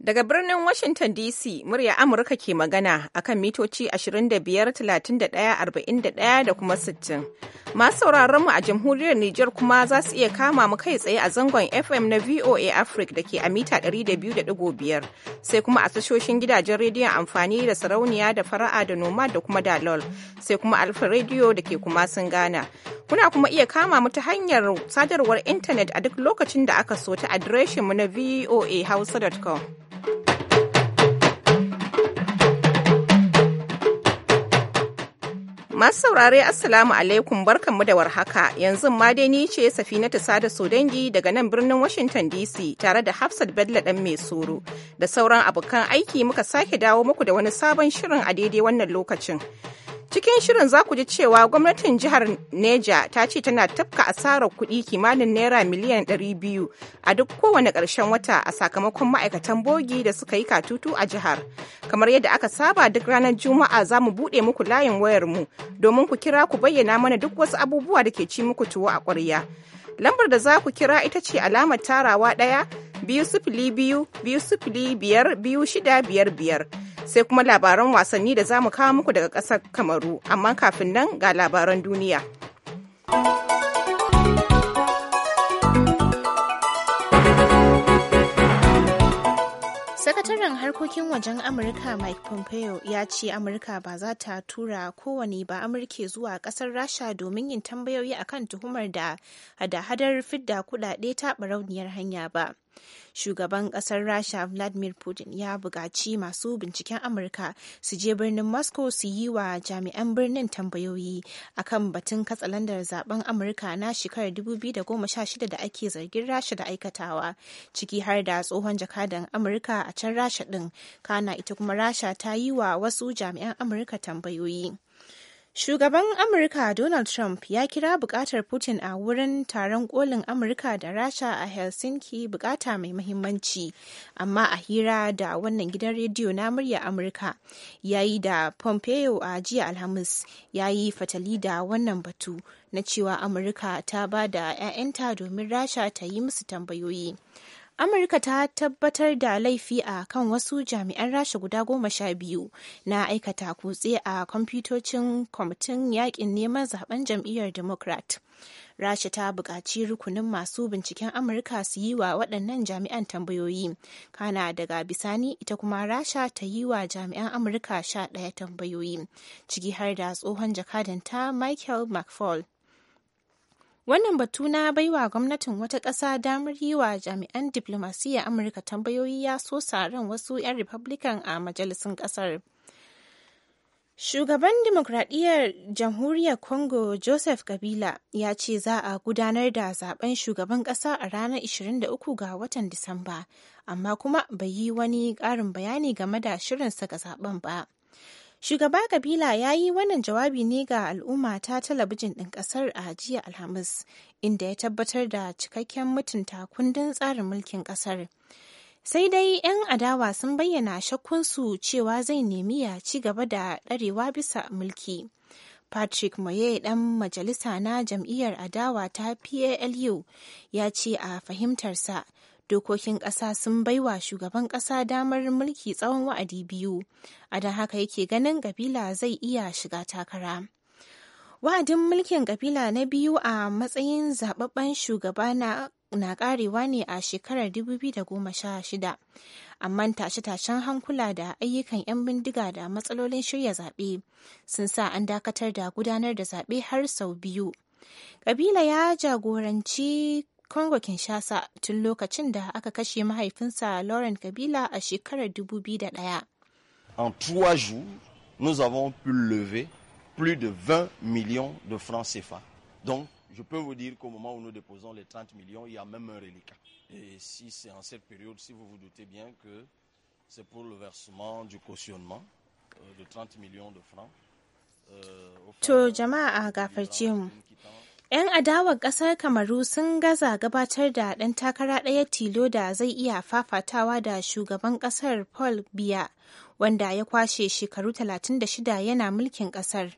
Daga birnin Washington DC, murya Amurka ke magana a kan mitoci 25, 31, 41 da kuma 60. Masu sauraron mu a jamhuriyar Nijar kuma za su iya kama mu kai tsaye a zangon FM na VOA Africa da ke a mita 200.5 sai kuma a tashoshin gidajen rediyon amfani da sarauniya da fara'a da noma da kuma dalol sai kuma alfa rediyo da ke kuma sun gana. Kuna kuma iya kama mu ta hanyar sadarwar intanet a duk lokacin da aka so ta adireshinmu na voahausa.com. Masu saurare Assalamu alaikum barkanmu da warhaka yanzu ma dai ni ce Safinatu Sada Sodangi daga nan birnin Washington DC tare da Hafsat Bello dan mai soro da sauran abokan aiki muka sake dawo muku da wani sabon shirin a daidai wannan lokacin. Cikin shirin za ku ji cewa gwamnatin jihar Neja ta ce tana tafka asarar kuɗi kimanin naira miliyan 200 a duk kowane ƙarshen wata a sakamakon ma'aikatan bogi da suka yi katutu a jihar. Kamar yadda aka saba duk ranar Juma'a za mu buɗe muku layin wayar mu domin ku kira ku bayyana mana duk wasu abubuwa da ke ci muku tuwo a ƙwarya. Lambar da za ku kira ita ce alamar tarawa ɗaya biyu sifili biyu biyu sifili biyar biyu shida biyar biyar. sai kuma labaran wasanni da za mu kawo muku daga ƙasar kamaru amma kafin nan ga labaran duniya sakataren harkokin wajen amurka mike pompeo ya ce amurka ba za ta tura kowane ba amurke zuwa kasar rasha domin yin tambayoyi akan tuhumar da hada-hadar fidda kudade ta barauniyar hanya ba Shugaban kasar Rasha Vladimir Putin ya bukaci masu binciken Amurka su je birnin Moscow su yi wa jami'an birnin tambayoyi akan batun katsalandar zaben Amurka na shekarar 2016 da ake zargin Rasha da aikatawa, ciki har da tsohon jakadan Amurka a can Rasha ɗin, kana ita kuma Rasha ta yi wa wasu jami'an Amurka tambayoyi. Shugaban Amurka Donald Trump ya kira bukatar Putin a wurin taron kolin Amurka da Rasha a Helsinki bukata mai mahimmanci, amma a hira da wannan gidan rediyo na murya Amurka ya yi da Pompeo a jiya Alhamis ya yi fatali da wannan batu na cewa Amurka ta ba da 'ya'yanta domin Rasha ta yi musu tambayoyi. amurka ta tabbatar da laifi a kan wasu jami'an rasha guda goma sha biyu na aikata kutse a kwamfutocin kwamitin yakin neman zaben jam'iyyar democrat rasha ta buƙaci rukunin masu binciken amurka su yi wa waɗannan jami'an tambayoyi kana daga bisani ita kuma rasha ta yi wa jami'an amurka sha ɗaya tambayoyi ciki har da tsohon jakadanta michael mcfaul Wannan batu na baiwa gwamnatin wata ƙasa damar yi wa jami'an diplomasiyya Amurka tambayoyi ya so ran wasu 'yan Republican a majalisun ƙasar. Shugaban Demokradiyyar Jamhuriyar Congo Joseph Kabila ya ce za a gudanar da zaben shugaban ƙasa a ranar 23 ga watan Disamba, amma kuma bai yi wani ƙarin bayani game da shirinsa ga zaben ba. Shugaba Kabila ya yi wannan jawabi ne ga al'umma ta talabijin ɗin ƙasar a jiya Alhamis, inda ya tabbatar da cikakken mutunta kundin tsarin mulkin ƙasar. Sai dai 'yan adawa sun bayyana shakkunsu cewa zai nemi ya ci gaba da ɗarewa bisa mulki. Patrick Moye ɗan majalisa na jam'iyyar adawa ta PALU ya ce a fahimtarsa dokokin ƙasa sun baiwa shugaban ƙasa damar mulki tsawon wa'adi biyu a da haka yake ganin kabila zai iya shiga takara wa'adin mulkin kabila na biyu a matsayin zababben shugaba na na karewa ne a shekarar 2016 amma tashe-tashen hankula da ayyukan 'yan bindiga da matsalolin shirya zaɓe sun sa an dakatar da gudanar da zaɓe har sau biyu kabila ya jagoranci Kinshasa Kabila En trois jours, nous avons pu lever plus de 20 millions de francs CFA. Donc, je peux vous dire qu'au moment où nous déposons les 30 millions, il y a même un reliquat. Et si c'est en cette période, si vous vous doutez bien que c'est pour le versement du cautionnement euh, de 30 millions de francs. Euh, To jama'a mu, 'Yan adawar ƙasar Kamaru sun gaza gabatar da ɗan takara ɗaya tilo da zai iya fafatawa da shugaban ƙasar Paul Biya, wanda ya kwashe shekaru 36 yana mulkin ƙasar.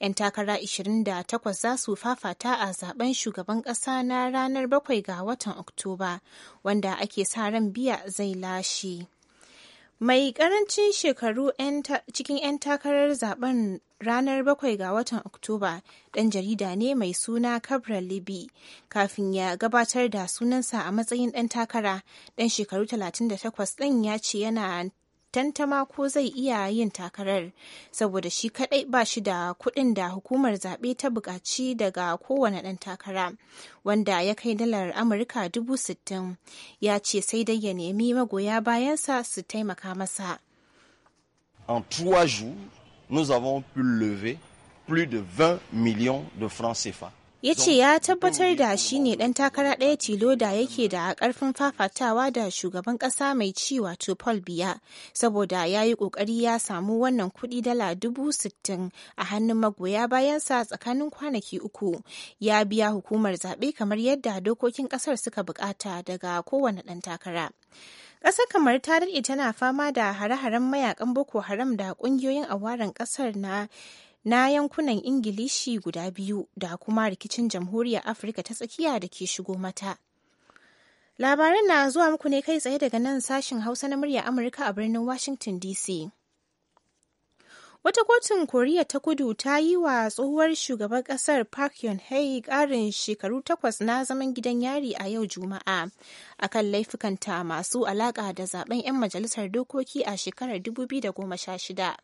'Yan takara 28 za su fafata a zaben shugaban ƙasa na ranar 7 ga watan Oktoba, wanda ake sa ran Biya zai lashe. mai karancin shekaru cikin 'yan takarar zaben ranar 7 ga watan oktoba dan jarida ne mai suna kabra libby kafin ya gabatar da sunansa a matsayin dan takara dan shekaru 38 ɗin ya ce yana tantama ko zai iya yin takarar saboda shi kadai ba shi da kuɗin da hukumar zaɓe ta buƙaci daga kowane ɗan takara wanda ya kai dalar amurka dubu sittin ya ce sai dai ya nemi magoya bayansa su taimaka masa en trois jours nous avons pu lever plus de 20 millions de francs CFA ya ce ya tabbatar da shi ne ɗan takara ɗaya tilo da yake da ƙarfin fafatawa da shugaban ƙasa mai ci wato paul biya saboda ya yi ƙoƙari ya samu wannan kuɗi dala dubu sittin a hannun magoya bayan sa tsakanin kwanaki uku ya biya hukumar zaɓe kamar yadda dokokin ƙasar suka buƙata daga kowane ɗan takara Ƙasar kamar ta daɗe tana fama da hare-haren mayakan Boko Haram da ƙungiyoyin awaren ƙasar na na yankunan Ingilishi guda biyu da kuma rikicin jamhuriyar Afirka ta tsakiya da ke shigo mata. Labaran na zuwa muku ne kai tsaye daga nan sashen Hausa na murya Amurka a birnin Washington DC. Wata kotun Koriya ta kudu ta yi wa tsohuwar shugaban kasar Park yon hei ƙarin shekaru takwas na zaman gidan yari a yau Juma'a a kan laifukanta masu alaƙa da zaben 'yan majalisar dokoki a shekarar 2016.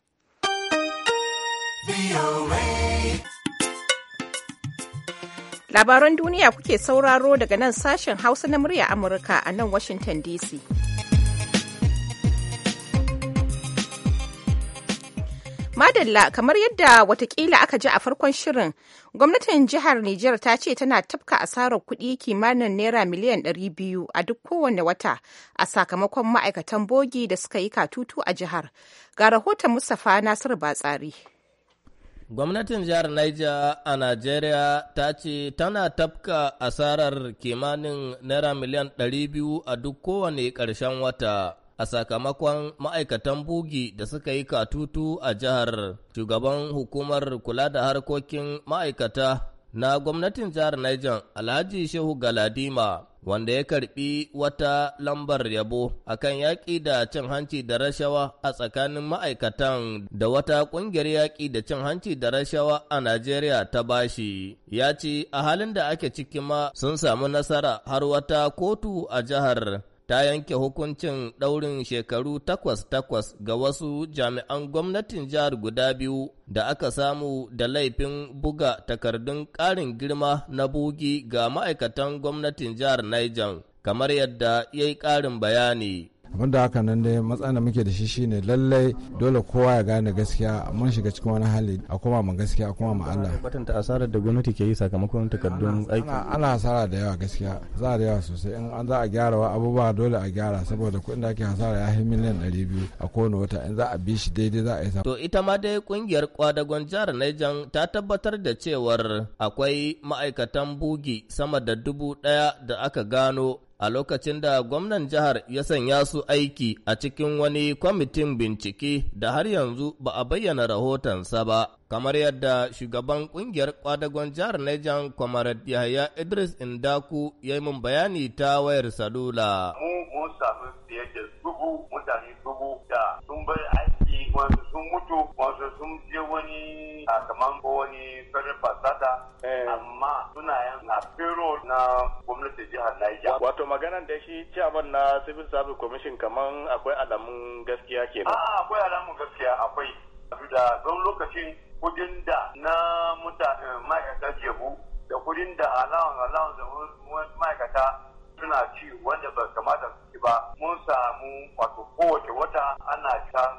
Labaran duniya kuke sauraro daga nan sashen Hausa na murya Amurka a nan Washington DC. Madalla kamar yadda watakila aka ji a farkon shirin, gwamnatin jihar Nijar ta ce tana tafka asarar kuɗi kimanin naira miliyan 200 a duk kowane wata a sakamakon ma'aikatan bogi da suka yi katutu a jihar. Ga rahoton Mustapha Nasiru Batsari. Gwamnatin jihar Niger a Najeriya ta ce tana tafka asarar kimanin naira miliyan 200 a duk kowane ƙarshen wata. a sakamakon ma'aikatan bugi da suka yi katutu a jihar shugaban hukumar kula da harkokin ma'aikata na gwamnatin jihar Niger Alhaji Shehu Galadima wanda ya karbi wata lambar yabo akan yaƙi da cin hanci da rashawa a tsakanin ma'aikatan da wata ƙungiyar yaƙi da cin hanci da rashawa a Najeriya ta bashi. Ya ce a halin da ake ciki ma sun samu nasara har wata kotu a jihar ta yanke hukuncin ɗaurin shekaru takwas-takwas ga wasu jami'an gwamnatin jihar guda biyu da aka samu da laifin buga takardun ƙarin girma na bugi ga ma'aikatan gwamnatin jihar Niger, kamar yadda ya yi ƙarin bayani. da haka nan dai matsayin da muke da shi shine lallai dole kowa ya gane gaskiya mun shiga cikin wani hali a koma mu gaskiya a kuma mu Allah batanta asarar da gwamnati ke yi sakamakon takardun aiki ana asara da yawa gaskiya za da yawa sosai in an za a gyara wa abubuwa dole a gyara saboda kuɗin da ake hasara ya yi miliyan 200 a kowane wata in za a bi shi daidai za a yi to ita ma dai kungiyar kwadagon jihar Niger ta tabbatar da cewar akwai ma'aikatan bugi sama da dubu ɗaya da aka gano a lokacin da gwamnan jihar ya sanya su aiki a cikin wani kwamitin bincike da har yanzu ba a bayyana rahotonsa ba. Kamar yadda shugaban kungiyar kwadagon jihar Niger Kwamarat Yahaya Idris Indaku ya yi mun bayani ta wayar salula. Mu mun sami da yake dubu mutane dubu da sun bai sun mutu wasu sun je wani a kaman ko wani farin fasada eh. amma suna yan a payroll na gwamnatin jihar Niger. Wato maganan da shi ciyaman na civil service commission kaman akwai alamun gaskiya kenan. a ah, akwai alamun gaskiya akwai. Da don lokacin kudin da na mutane ma'aikata jebu da kudin da allowance allowance da ma'aikata suna ci wanda ba kamata su ci ba mun samu wato kowace wata ana can.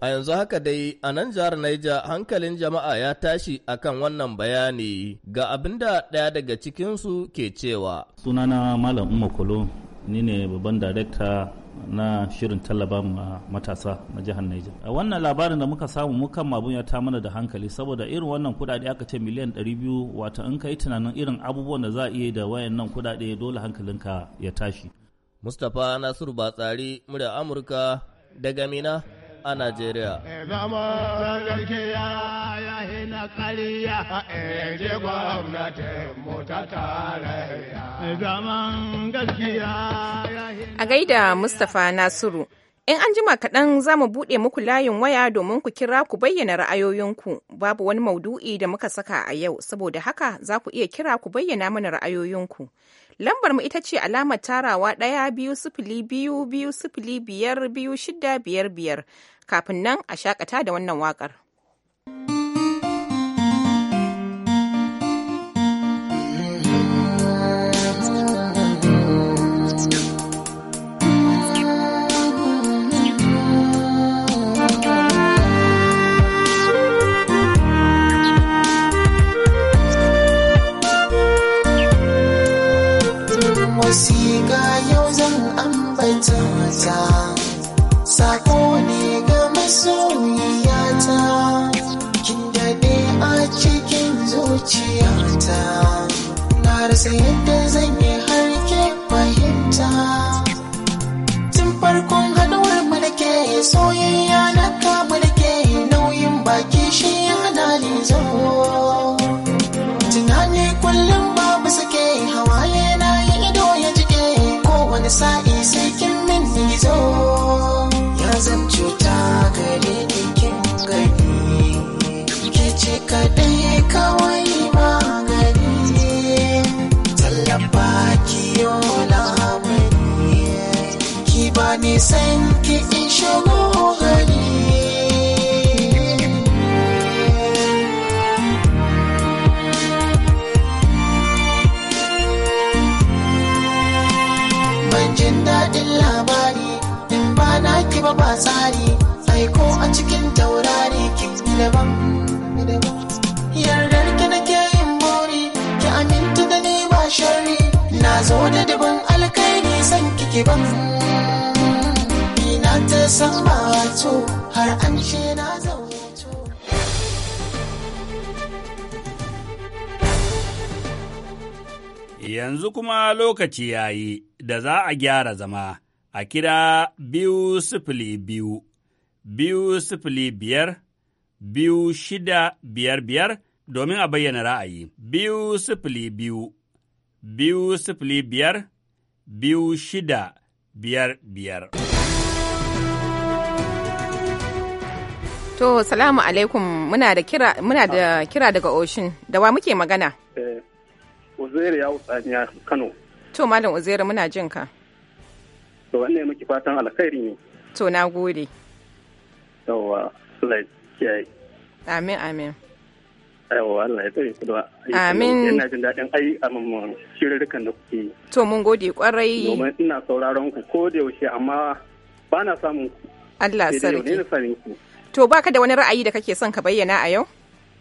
A yanzu haka dai a nan jihar Naija hankalin jama'a ya tashi akan wannan bayani ga abin da ɗaya daga cikinsu ke cewa. Sunana Malam Umma Kolo ni ne babban darekta na shirin tallaba matasa na jihar Niger. A wannan labarin da muka samu mukan mabun ya ta mana da hankali saboda irin wannan kudade aka ce miliyan 200 wato in ka yi tunanin irin abubuwan da za a iya da wayannan kudade dole hankalinka ya tashi. Mustapha Nasiru Batsari, murya Amurka daga Mina a Najeriya. Eh, eh, eh, a gaida Mustapha Nasiru. In an jima kaɗan za mu buɗe muku layin waya domin ku kira ku bayyana ra'ayoyinku. Babu wani maudu'i da muka saka a yau, saboda haka za ku iya kira ku bayyana mana ra'ayoyinku. Lambar mu ita ce alamar tarawa ɗaya biyu sifili biyu biyu sifili biyar biyu shida biyar biyar. Kafin nan a shakata da wannan waƙar. siga yau zan ambata ta sako ne ga masoyiyata kin daɗe a cikin zuciyata na rasa yadda zan yi har ke fahimta tun farkon haɗuwar mana ke soyayya na sa sai kin min zo ya zan cuta gare ni kin gani ke ce kadai kawai magani tallafa ki yola mani ki ba ni san ki in ba tsari ai ko a cikin taurari ki daban yardar ki ke yin buri ki aminta da ni ba sharri na zo da daban alkairi san kike ban ina ta san ba wato har an she na zaune Yanzu kuma lokaci ya yi da za a gyara zama. a kira biyu sifili biyu, biyu sifili biyar, biyu shida biyar biyar domin a bayyana ra'ayi, biyu sifili biyu, biyu sifili biyar, biyu shida biyar biyar. To, salamu alaikum muna da kira, muna da kira daga Oshin, da wa muke magana? Eh, Uzeri ya Kano. To, Malam Uzeri muna jin ka. to wannan muke fatan alkhairi ne to na gode yawa Allah ya kiyaye amin amin yawa Allah ya tsaye ku da amin ina jin daɗin ai mamman shirarrukan da kuke to mun gode kwarai domin ina sauraron ku ko da yaushe amma ba na samun ku. Allah sarki to baka da wani ra'ayi da kake son ka bayyana a yau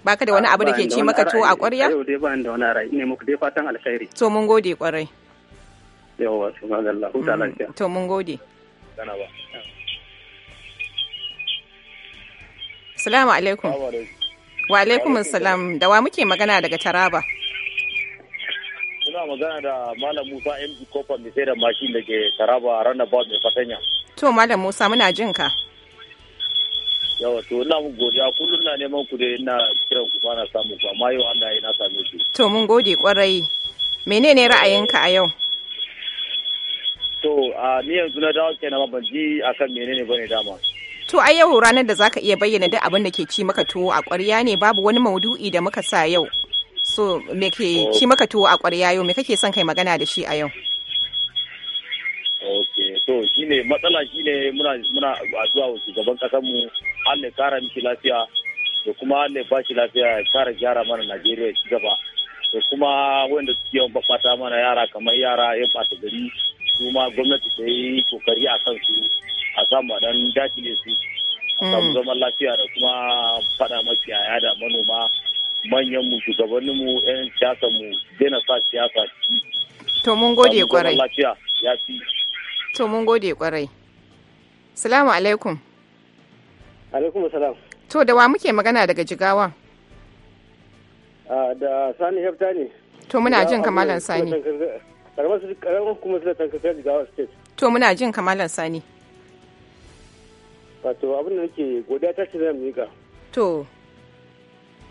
baka da wani abu da ke ci maka to a ƙwarya yau dai ba da wani ra'ayi ne muku dai fatan alkhairi to mun gode kwarai yawa su madalla huta mm, lafiya to mun gode kana ba salamu alaikum wa alaikum salam da wa muke magana daga taraba Muna magana da Malam Musa MD Kofa mai sai da mashin da ke Taraba Runabout mai fatanya. To Malam Musa muna jin ka. Yawa to ina mu godiya kullum na neman ku dai ina kiran ku ba na samu ku amma yau Allah ya na same ku. To mun gode kwarai. Menene ra'ayinka a yau? so a ni yanzu na dawo kenan ban ji akan menene bane dama to a yau ranar da zaka iya bayyana duk abin da ke ci maka tuwo a ƙwarya ne babu wani maudu'i da muka sa yau so me ke oh. ci maka tuwo a ƙwarya yau me kake son kai magana da shi a yau okay to shine matsala shine muna muna addu'a wa shugaban kasar mu Allah kara miki lafiya da kuma Allah ba shi lafiya ya kara gyara mana Najeriya ci gaba da kuma wanda suke yawan mana yara kamar yara ya ɓata gari su ma gwamnati ta yi kokari a kan su a samu dan dakile su a samu mm. zaman lafiya da kuma fada makiyaya da manoma manyan mu shugabannin mu yan siyasa mu daina sa siyasa to mun gode kwarai lafiya ya fi to mun gode kwarai salamu alaikum alaikum salam to da wa muke magana daga jigawa ah, da sani hefta ne to muna jin kamalan sani karamar su karamar kuma su da tankakar jigawa state to muna jin kamalan sani wato abin da nake godiya ta ce zai miƙa to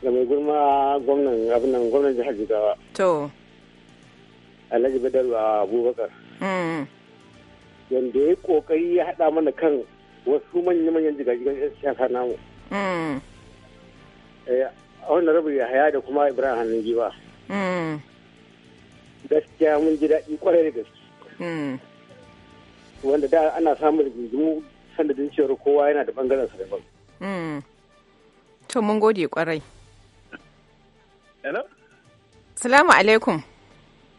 ga mai gurma gwamnan abin nan gwamnan jihar jigawa to alhaji badaru a abubakar mm. yanda ya kokari ya haɗa mana kan wasu manya-manyan jigajigan yan siyasa namu mm. eh, a wannan rabu ya haya da kuma ibrahim hannun giba mm. gaskiya mun ji daɗi kwarai da gaske hmm. wanda da ana samun rigingimu sanadin cewar kowa yana da bangaren sa daban hmm. to mun gode kwarai hello salamu alaikum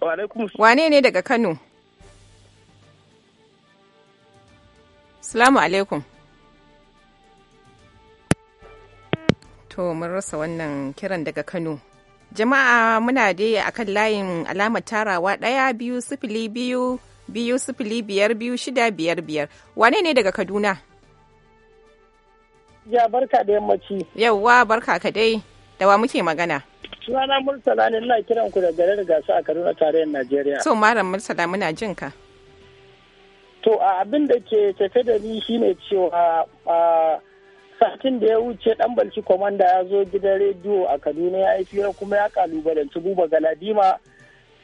wa alaikum wane ne daga kano salamu alaikum to mun rasa wannan kiran daga kano jama'a muna dai akan layin alamar tarawa ɗaya biyu sifili biyu biyu sifili biyar biyu shida biyar biyar wane ne daga kaduna ya barka da yammaci yauwa barka ka dai da wa muke magana sunana murtala ne ina kiran ku da garin gasa a kaduna tarayyar najeriya so malam murtala muna jin ka to a abin da ke tafe da ni shine cewa satin da ya wuce dan balci komanda ya zo gidan rediyo a kaduna ya yi fira kuma ya kalubalanci buba galadima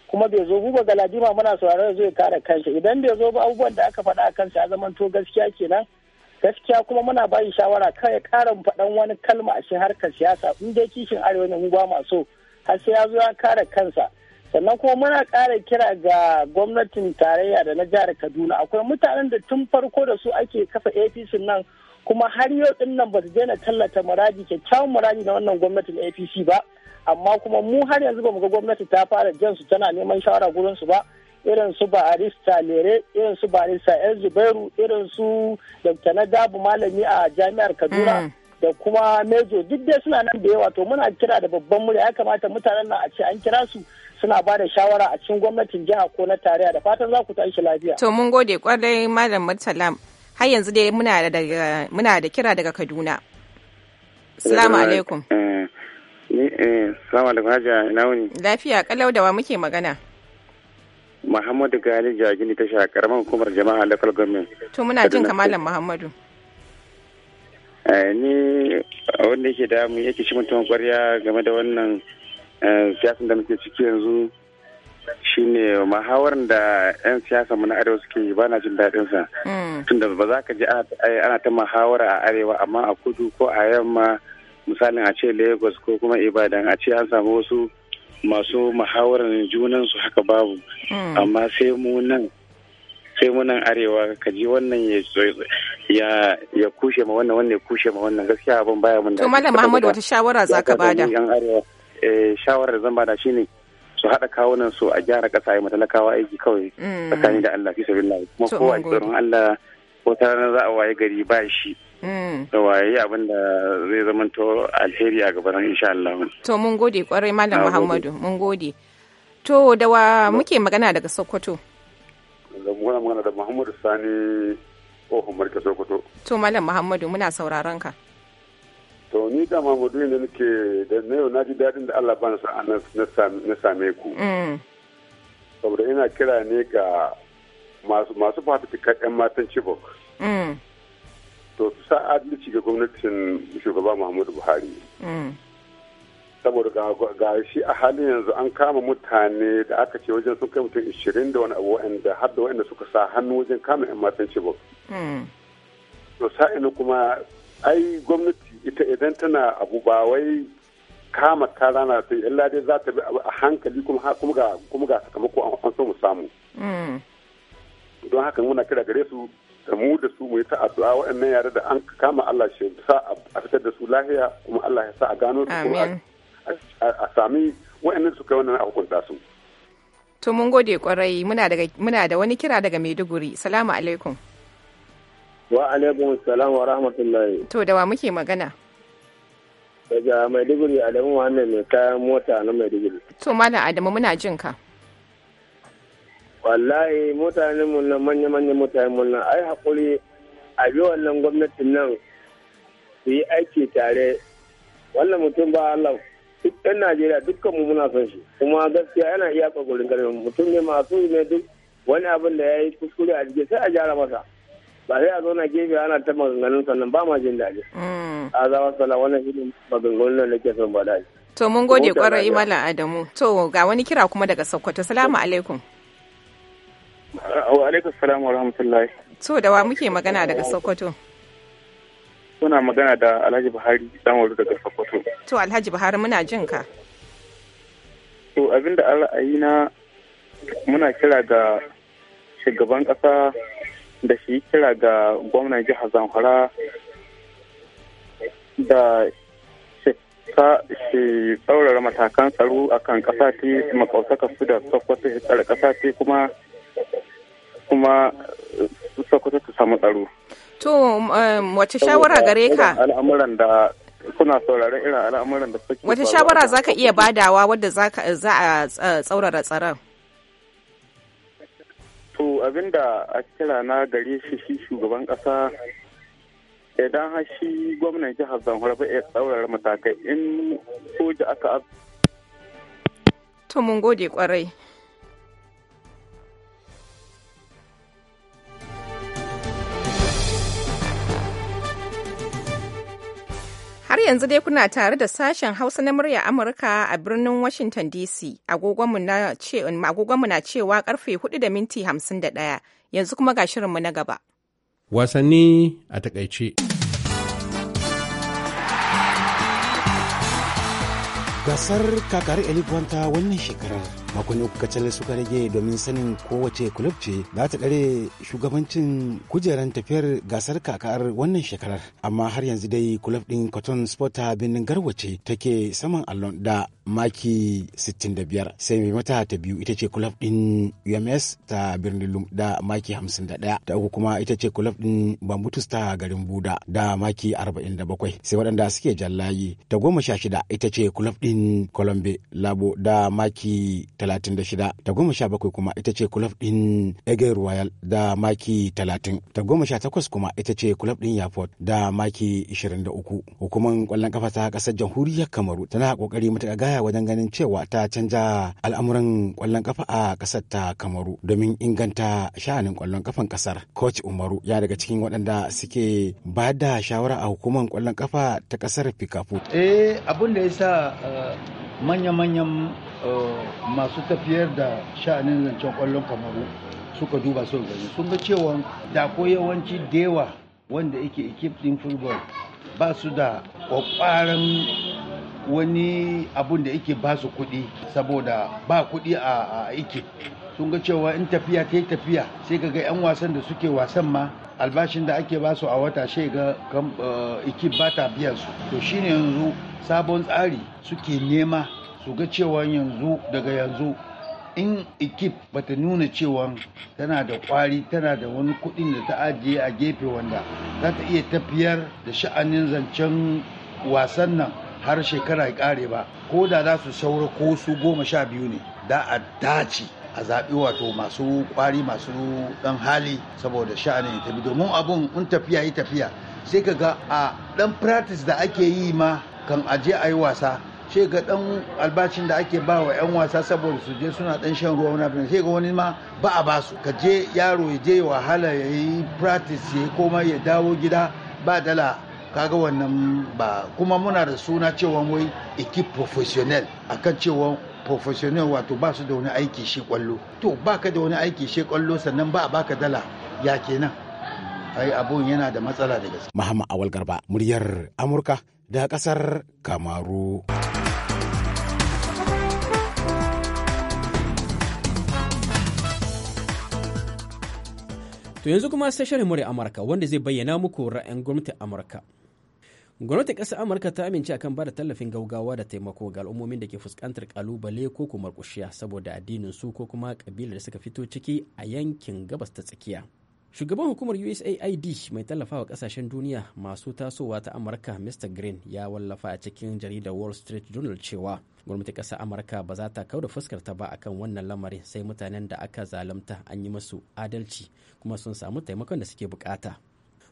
kuma bai zo buba galadima muna saurare zai kare kansa idan bai zo ba abubuwan da aka faɗa a kansa ya zama to gaskiya kenan gaskiya kuma muna bayi shawara kai ya kara faɗan wani kalma a cikin harkar siyasa in dai kishin arewa ne mu ba ma har sai ya zo ya kare kansa sannan kuma muna ƙara kira ga gwamnatin tarayya da na jihar kaduna akwai mutanen da tun farko da su ake kafa apc nan kuma har yau din nan ba su daina tallata muradi kyakkyawan muradi na wannan gwamnatin apc ba amma kuma mu har yanzu ba mu ga gwamnati ta fara jan su tana neman shawara gurin su ba irin su barista lere irin su barista yan zubairu irin su na dabu malami a jami'ar kaduna mm. da kuma mejo duk dai suna nan da yawa to muna kira da babban murya ya kamata mutanen nan a ce an kira su suna ba da shawara a cikin gwamnatin jiha ko na tarayya da fatan za ku tashi lafiya to mun gode kwarai malam murtala har yanzu dai muna da kira daga Kaduna salamu alaikum salamu alaikum eh, eh, haja ina wuni lafiya kalau da wa muke magana Muhammadu gani Jagini ta sha karamin hukumar jama'a local government to muna jin kamalan Muhammadu eh, ni wanda yake damu yake shi mutum kwarya game da wannan siyasan da muke ciki yanzu shine mahawarin da 'yan siyasa mu na arewa suke yi ba na jin daɗin sa hmm. tunda ba za ka ji ana ta muhawara a arewa amma a kudu ko a yamma misalin a ce lagos ko kuma ibadan a ce an samu wasu masu mahawarin junan su haka babu hmm. amma sai mu nan sai mu nan arewa ka ji wannan ya ya kushe ma wannan wannan ya kushe ma wannan gaskiya abin baya mun da to malam muhammad wata shawara zaka bada eh zan bada shine su haɗa kawunan su a gyara ƙasa ya matalakawa aiki kawai mm. tsakani da Allah fi Allah kuma kowa a tsoron Allah wata ranar za a waye gari ba shi mm. da waye abin da zai zamanto alheri a gabanin insha Allah to mun gode kwarai malam Muhammadu mun gode to da wa muke magana daga Sokoto da muna magana da Muhammadu Sani Ohun Marke Sokoto to malam Muhammadu muna sauraron ka to ni da mamudu ne nake da na yau na ji daɗin da Allah ba na same ku mm. saboda ina kira ne ga masu masu fafutuka ɗan matan Chibok mm. to su sa adalci ga gwamnatin shugaba Muhammadu Buhari mm. saboda ga shi a halin yanzu an kama mutane da aka ce wajen sun kai mutum ishirin da wani abu wa'anda har da wa'anda suka sa hannu wajen kama 'yan matan Chibok to sa'ina kuma ai gwamnati ita idan tana abu ba wai kama kara na sai yan dai za ta bi a hankali kuma ga sakamako an so mu samu mm. don haka muna kira gare su da mu da su mu yi ta'addu'a addu'a waɗannan yare da an kama Allah shi sa a fitar da su lahiya kuma Allah ya sa a gano su kuma a sami waɗannan su kai wannan a hukunta su to mun gode kwarai muna da wani kira daga Maiduguri salamu alaikum Wa alaikum salam wa rahmatullahi. To da wa muke magana? Daga Maiduguri Adamu Muhammad mai kayan mota na Maiduguri. To na Adamu muna jin ka. Wallahi mutanen mun nan manya manya mutanen mun nan ai hakuri a bi wannan gwamnatin nan su yi aiki tare wannan mutum ba Allah duk ɗan Najeriya dukkan mu muna son shi kuma gaskiya yana iya kokarin garin mutum ne masu ne duk wani abin da ya yi kuskure a jiki sai a gyara masa. ba sai a zauna gefe ana ta maganganun sannan ba ma jin daɗi. Mm. a zama sana wannan shi maganganun da ke son ba to mun gode kwarai malam adamu to ga wani kira kuma daga sokoto salamu alaikum. wa alaikum salam wa rahmatullahi. to da wa muke magana daga sokoto. suna magana da alhaji buhari samuwar daga sokoto. to alhaji buhari muna jin ka. to abinda an ra'ayi na muna kira ga shugaban ƙasa da shi kira ga gwamnan jihar zamfara da shi tsaurara matakan tsaro akan kasa ta makautaka su da sokoto shi tsare kasa ta kuma kuma sokoto su samu tsaro. To um, um, wace shawara gare ka? Al'amuran da kuna sauraron irin al'amuran da suke. wata shawara za ka iya badawa wadda za a uh, tsaurara tsaron? to da a kira na gare shi shi shugaban kasa idan har shi gwamnan jihar zamfara ba ya tsaurara matakai in soja aka abu. mun gode kwarai Har yanzu dai kuna tare da sashen Hausa na murya Amurka a birnin Washington DC. Agogonmu na cewa karfe 4 da minti 51. Yanzu kuma ga shirinmu na gaba. Wasanni a takaice. gasar kakar elikwanta wannan shekarar makon uku kacal suka rage domin sanin kowace kulub ce za ta dare shugabancin kujeran tafiyar gasar kakar wannan shekarar amma har yanzu dai kulub din cotton sport ta birnin garwace take saman allon da maki 65 sai mai mata ta biyu ita ce kulub din ums ta birnin lum da maki 51 ta uku kuma ita ce kulub din bambutus ta garin buda da maki 47 sai waɗanda suke jallayi ta goma sha shida ita ce kulub din. ɗin Colombe Labo da maki 36. Ta goma sha bakwai kuma ita ce kulob ɗin Ege Royal da maki 30. Ta goma sha takwas kuma ita ce kulob ɗin yaport da maki 23. Hukumar ƙwallon kafa ta ƙasar jamhuriyar Kamaru tana ƙoƙari matuƙa gaya wajen ganin cewa ta canja al'amuran ƙwallon kafa a ƙasar ta Kamaru domin inganta sha'anin ƙwallon kafan ƙasar. Coach Umaru ya daga cikin waɗanda suke ba da shawara a hukumar ƙwallon kafa ta ƙasar Fikafu. Eh abun da ya sa eh, manya-manyan eh, masu tafiyar da sha'anin zancen kwallon kamaru suka duba sun gani sun ga cewa da ko yawanci dewa wanda yake ekip din football ba su da kwakwaran wani abun da yake ba su kuɗi saboda ba kuɗi a ikip sun ga cewa in tafiya ta yi tafiya sai ka ga 'yan wasan da suke wasan ma albashin da ake basu a wata sai ga biyar eh, ba ta biyan su to shine yanzu sabon tsari suke nema su ga cewa yanzu daga yanzu in ikip bata nuna cewa tana da kwari tana da wani kudin da ta ajiye a gefe wanda za ta iya tafiyar da sha'anin zancen wasan nan har shekara ya kare ba ko da za su saura ko su goma sha biyu ne da a dace a zaɓi wato masu ƙwari masu ɗan hali saboda sha'anin ya tafi domin abun in tafiya yi tafiya sai ka ga a ɗan practice da ake yi ma kan aje a yi wasa sai ga ɗan albashin da ake ba wa 'yan wasa saboda su je suna ɗan shan ruwa wani sai ga wani ma ba a basu ka je yaro ya je wahala ya yi practice ya koma ya dawo gida ba dala kaga wannan ba kuma muna da suna cewa wai ekip professional akan cewa professional wato ba su da wani aiki shi kwallo to baka da wani aiki shi kwallo sannan ba baka dala ya kenan ai abun yana da matsala da gaske Muhammad Awal Garba muryar Amurka da kasar Kamaru yanzu kuma sai shirin murya Amurka wanda zai bayyana muku ra'ayin gwamnatin Amurka. gwamnatin ƙasar amurka ta amince akan bada tallafin gaugawa da taimako ga al'ummomin da ke fuskantar kalubale ko kuma kushiya saboda addinin su ko kuma kabilar da suka fito ciki a yankin gabas ta tsakiya shugaban hukumar usaid mai tallafawa kasashen duniya masu tasowa ta amurka mr green ya wallafa a cikin jaridar wall street journal cewa gwamnatin ƙasar amurka ba za ta kau da fuskar ta ba akan wannan lamarin sai mutanen da aka zalunta an yi masu adalci kuma sun samu taimakon da suke bukata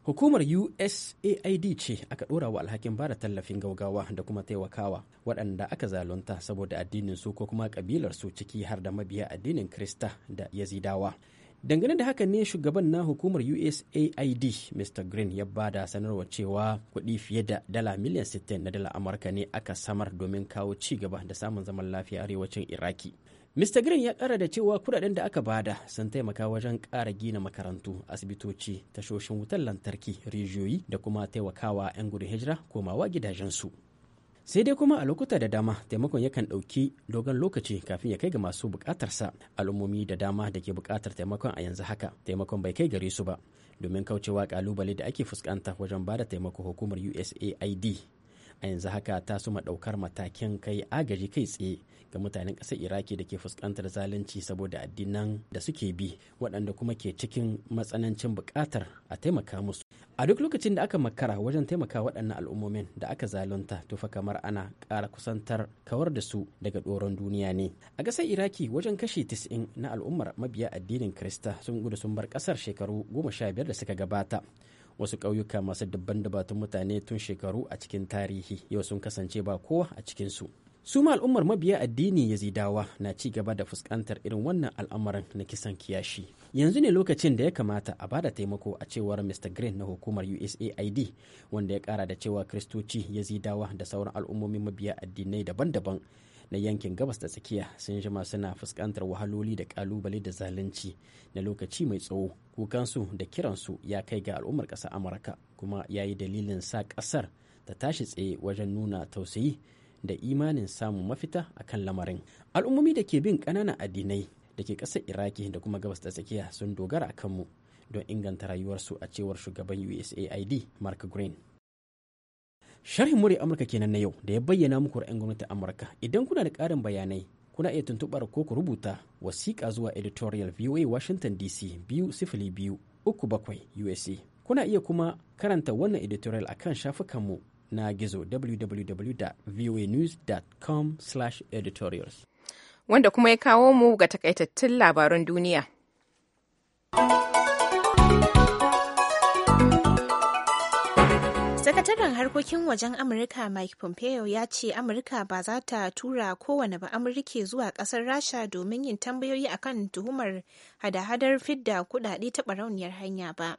Hukumar USAID ce aka ɗora wa alhakin ba da tallafin gaugawa da kuma taimakawa waɗanda aka zalunta saboda addinin su ko kuma kabilar su ciki har da mabiya addinin Krista da Yazidawa. Dangane da haka ne shugaban na hukumar USAID Mr. Green ya ba da sanarwa cewa kuɗi fiye da dala miliyan 60 na dala Amurka ne aka samar domin kawo ci gaba da samun zaman lafiya arewacin Iraki. Mr. Green ya ƙara da cewa kuɗaɗen da aka bada sun taimaka wajen ƙara gina makarantu, asibitoci, tashoshin wutar lantarki, rijiyoyi da kuma taimakawa 'yan gudun hijira komawa gidajensu. Sai dai kuma a lokuta da dama taimakon yakan ɗauki dogon lokaci kafin ya kai ga masu buƙatarsa al'ummomi da dama da ke buƙatar taimakon a yanzu haka taimakon bai kai gare su ba domin kaucewa ƙalubale da ake fuskanta wajen bada taimako hukumar USAID a yanzu haka ta suma ɗaukar matakin kai agaji kai tsaye ga mutanen ƙasar iraki da ke fuskantar zalunci saboda addinan da suke bi waɗanda kuma ke cikin matsanancin buƙatar a taimaka musu a duk lokacin da aka makara wajen taimaka waɗannan al'ummomin da aka zalunta tufa kamar ana ƙara kusantar kawar da su daga doron duniya ne a ƙasar iraki wajen kashi 90 na al'ummar mabiya addinin krista sun gudu sun bar ƙasar shekaru 15 da suka gabata wasu ƙauyuka masu dabban dabatun mutane tun shekaru a cikin tarihi yau sun kasance ba kowa a cikinsu su ma al'ummar mabiya addini yazidawa na ci gaba da fuskantar irin wannan al'amarin na kisan kiyashi yanzu ne lokacin da ya kamata a bada taimako a cewar mr green na hukumar usaid wanda ya kara da cewa kristoci yazidawa da sauran al'ummomin mabiya addinai daban-daban na yankin gabas da tsakiya sun jima suna fuskantar wahaloli da kalubale da zalunci na lokaci mai tsawo kukansu da kiransu ya kai ga al'ummar ƙasar amurka kuma ya yi dalilin sa ƙasar ta tashi tsaye wajen nuna tausayi da imanin samun mafita a kan lamarin al'ummomi da ke bin ƙananan addinai da ke ƙasar iraki da kuma gabas da tsakiya sun dogara a kanmu don inganta rayuwarsu a cewar shugaban usaid mark green Sharhin murya Amurka kenan na yau da ya bayyana muku ra'ayin gwamnatin Amurka. Idan kuna da ƙarin bayanai, kuna iya tuntuɓar ko ku rubuta wasiƙa zuwa editorial VOA Washington DC biyu sifili biyu uku bakwai USA. Kuna iya kuma karanta wannan editorial akan shafukanmu na gizo www.voanews.com/editorials. Wanda kuma ya kawo mu ga takaitattun labaran duniya. Sakataren harkokin wajen Amurka Mike Pompeo ya ce Amurka ba za ta tura kowane ba Amurke zuwa kasar Rasha domin yin tambayoyi akan tuhumar hada-hadar fidda kudade ta barauniyar hanya ba.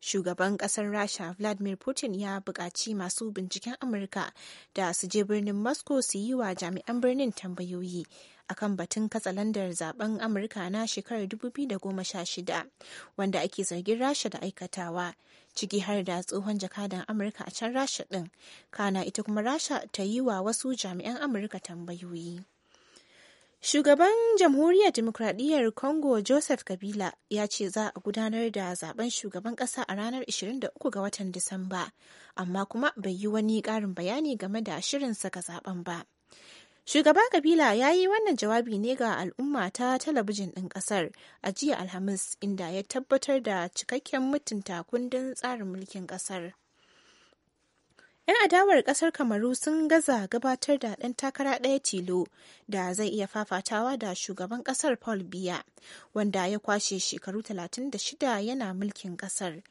Shugaban kasar Rasha Vladimir Putin ya buƙaci masu binciken Amurka da su je birnin Moscow su yi wa jami'an birnin tambayoyi. akan batun katsalandar zaben amurka na shekarar 2016 wanda ake zargin rasha da aikatawa ciki har da tsohon jakadan amurka a can rasha ɗin kana ita kuma rasha ta yi wa wasu jami'an amurka tambayoyi shugaban jamhuriyar demokradiyyar congo joseph kabila ya ce za a gudanar da zaben shugaban ƙasa a ranar 23 ga watan disamba amma kuma bai yi wani ƙarin bayani game da shirin saka zaben ba Shugaba Kabila ya yi wannan jawabi ne ga al'umma ta talabijin ɗin ƙasar a jiya Alhamis inda ya tabbatar da cikakken mutunta kundin tsarin mulkin ƙasar. 'Yan adawar ƙasar Kamaru sun gaza gabatar da ɗan takara ɗaya tilo da zai iya fafatawa da shugaban ƙasar Paul Biya, wanda ya kwashe shekaru 36 yana mulkin ƙasar.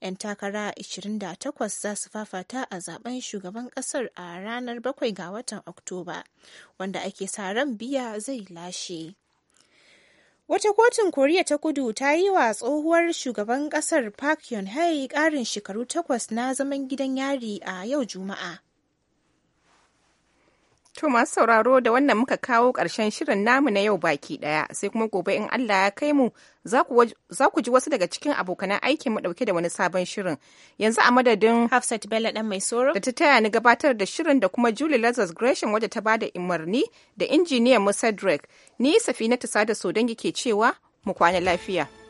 'Yan takara 28 za su fafata a zaben shugaban ƙasar a ranar 7 ga watan Oktoba, wanda ake sa ran Biya zai lashe. Wata kotun Koriya ta kudu ta yi wa tsohuwar shugaban kasar Park geun ƙarin shekaru takwas na zaman gidan yari a yau Juma'a. To masu sauraro da wannan muka kawo ƙarshen shirin namu na yau baki ɗaya sai kuma gobe in Allah ya kai mu za ku ji wasu daga cikin abokanan aikin mu ɗauke da wani sabon shirin. Yanzu a madadin Hafsat Bello dan mai soro da ta taya ni gabatar da shirin da kuma Julie Lazarus Gresham wadda ta bada umarni da injiniyan mu Drake. Ni Safina so Sodangi ke cewa mu kwana lafiya.